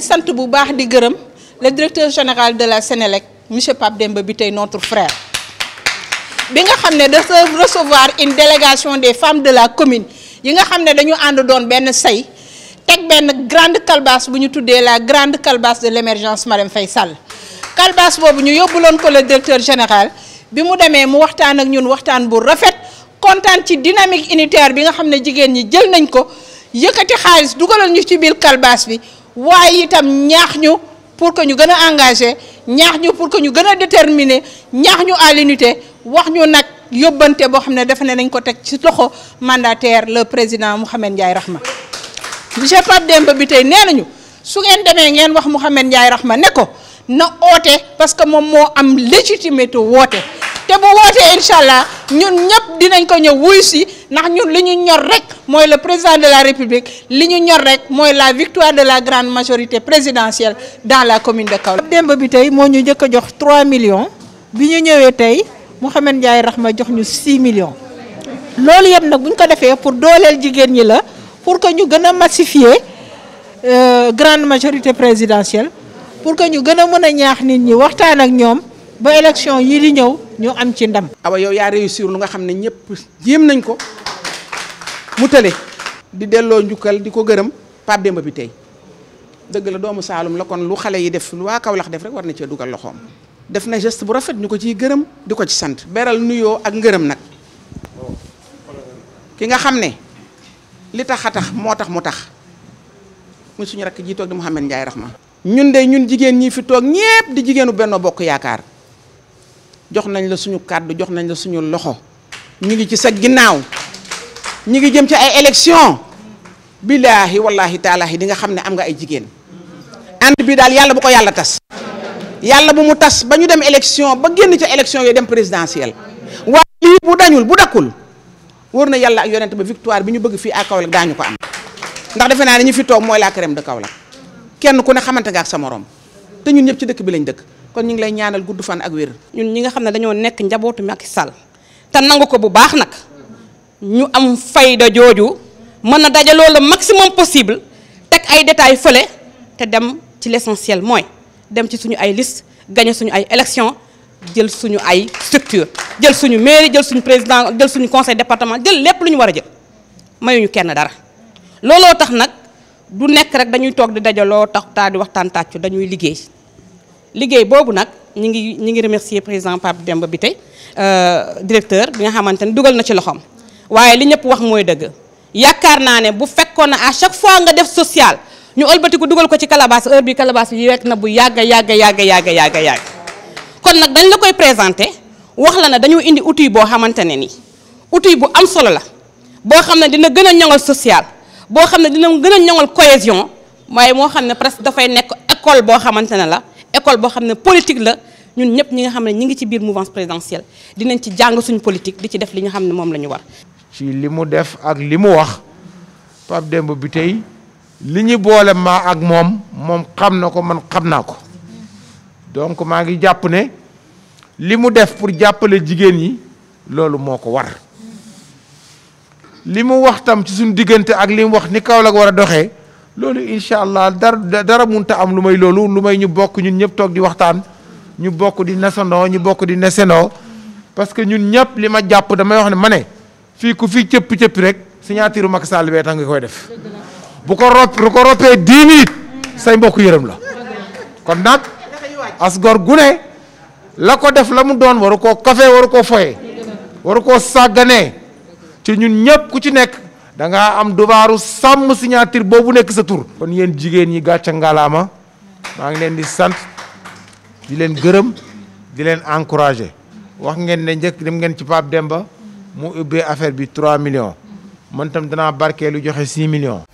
damay bu baax di gërëm le directeur général de la Sénélec monsieur Pape Demba bi notre frère bi nga xam ne dafa recevoir une délégation des femmes de la commune yi nga xam ne dañu ànd doon benn say teg benn grande calebasse bu ñu tuddee la grande calebasse de l' émergence Faisal. Faye Sall calebasse ñu yóbbuloon ko le directeur général bi mu démé mu waxtaan ak ñun waxtaan bu rafet contane ci dynamique unitaire bi nga xamné jigen ñi jël nañ ko yëkkati xaaliss dugalal ñu ci biir calebasse bi waaye itam ñaax ñu pour que ñu gën a engagé ñaax ñu pour que ñu gën a déterminé ñaax ñu à wax ñu nag yóbbante boo xam ne def ne nañ ko teg ci loxo mandataire la président Mouhamed Ndiaye Rahma monsieur Pape Demba bi tey nee ñu su ngeen demee ngeen wax Mouhamed Ndiaye Rahma ne ko na voter parce que mon mot am légitimité woote té bu wootee incha ñun ñep dinañ ko ñew wuy ci ndax ñun liñu ñor rek moy le président de la république liñu ñor rek moy la victoire de la grande majorité présidentielle dans la commune de Kaolack. démb bi tay mo ñu jëk jox 3 millions biñu ñëwé tay tey Mouhamed Rahma jox ñu 6 millions loolu yëpp nak buñ ko défé pour dooleel jigen ñi la pour que ñu gëna massifier massifier euh, grande majorité présidentielle. pour que ñu gëna mëna ñaax nit ñi waxtaan ak ñom ba élection yi di ñëw ñu am ci ndam. awa yow ya réussir lu nga xamné ñepp jëm nañ ko mu télé di délo ñukal diko gëreum gërëm Pape Demba bi tay deug la doomu salum la kon lu xalé yi def lu waa Kaolack def rek war na ci dugal loxom def na geste bu rafet ñuko ci gëreum diko ci sante beral nuyo ak gëreum nak. ki nga xamné ne li tax motax motax mu muy suñu jitu ak muhammad rahman ñun de ñun jigéen ñi fi toog ñépp di jigéenu benn Bokk Yaakaar jox nañ la suñu kàddu jox nañ la suñu loxo ñu ngi ci sa ginnaaw ñu ngi jëm ci ay élection billaahi wallaahi taalaahi di nga xam ne am nga ay jigéen ànd bi daal yàlla bu ko yàlla tas yàlla bu mu tas ba ñu dem election ba génn ca élection yooyu dem présidentielle waaye lii bu dañul bu dakkul wóor na yàlla ak yonent ba victoire bi ñu bëgg fii à daa daañu ko am ndax defe naa ne ñu fi toog mooy la crème de Kaolack kenn ku ne xamante nga ak sa morom te ñun ñëpp ci dëkk bi lañ dëkk kon ñu ngi lay ñaanal gudd fan ak wér. ñun ñi nga xam ne dañoo nekk njabootu Macky Sall te nangu ko bu baax nag ñu am fayda jooju mën a dajaloo le maximum possible teg ay détails fële te dem ci l'essentiel mooy dem ci suñu ay list gagné suñu ay élection jël suñu ay structure jël suñu mairie jël suñu président jël suñu conseil département jël lépp lu ñu war a jël mayuñu kenn dara looloo du nekk rek dañuy toog di dajaloo tax taa di waxtaan tàccu dañuy liggéey liggéey boobu nag ñi ngi ñi ngi remercier président Pape Demba bi tey euh, directeur bi nga xamante ne dugal na ci loxoom waaye li ñëpp wax mooy dëgg yaakaar bu fekkoon à chaque fois nga def social ñu ëlbatiku dugal ko ci calebasse heure bi calebasse bi wekk na bu yaga yaga yaga yaga yaga yaga kon nag dañ la koy présenté wax la ne dañoo indi outil boo xamante ne outil bu am solo la boo xam dina gën a social boo xam dina gën a ñoŋal cohésion waaye moo xam ne presque dafay nekk école boo xamante ne la école boo xam ne politique la ñun ñëpp ñi nga xam ne ñi ngi ci biir mouvance présidentielle dinañ ci jàng suñu politique di ci def li nga xam ne moom la war. ci li def ak li mu wax Pape Demba bi tey li ñu boole maa ak moom moom xam man xam naa ko donc maa ngi jàpp ne li def pour jàppale jigéen ñi loolu moo war. limu mu wax tam ci sun digënté ak limu wax ni kaw la wara doxé lolu inshallah dar dara munta am lu may loolu lu may ñu bok ñun ñëpp tok di waxtaan ñu bok di nasano ñu bok di nesenoo parce que ñun ñëpp lima japp jàpp damay wax ni mané fi ku fi cëpp cëpp rek signature mak Sall bee koy def bu ko rop ko ropé 10 minutes say mbokk yërem la kon nak as gor gune la ko def lamu doon waru ko kafe waru ko foyé waru ko sagané ci ñun ñëpp ku ci nekk da ngaa am dubaaru sàmm signature boobu nekk sa tur. kon yéen jigéen ñi gàcca ngalaama maa ngi leen di sant di leen gërëm di leen encouragé wax ngeen ne njëkk dem ngeen ci dem ba mu ubbee affaire bi 3 millions man tam danaa barkeelu joxe 6 millions.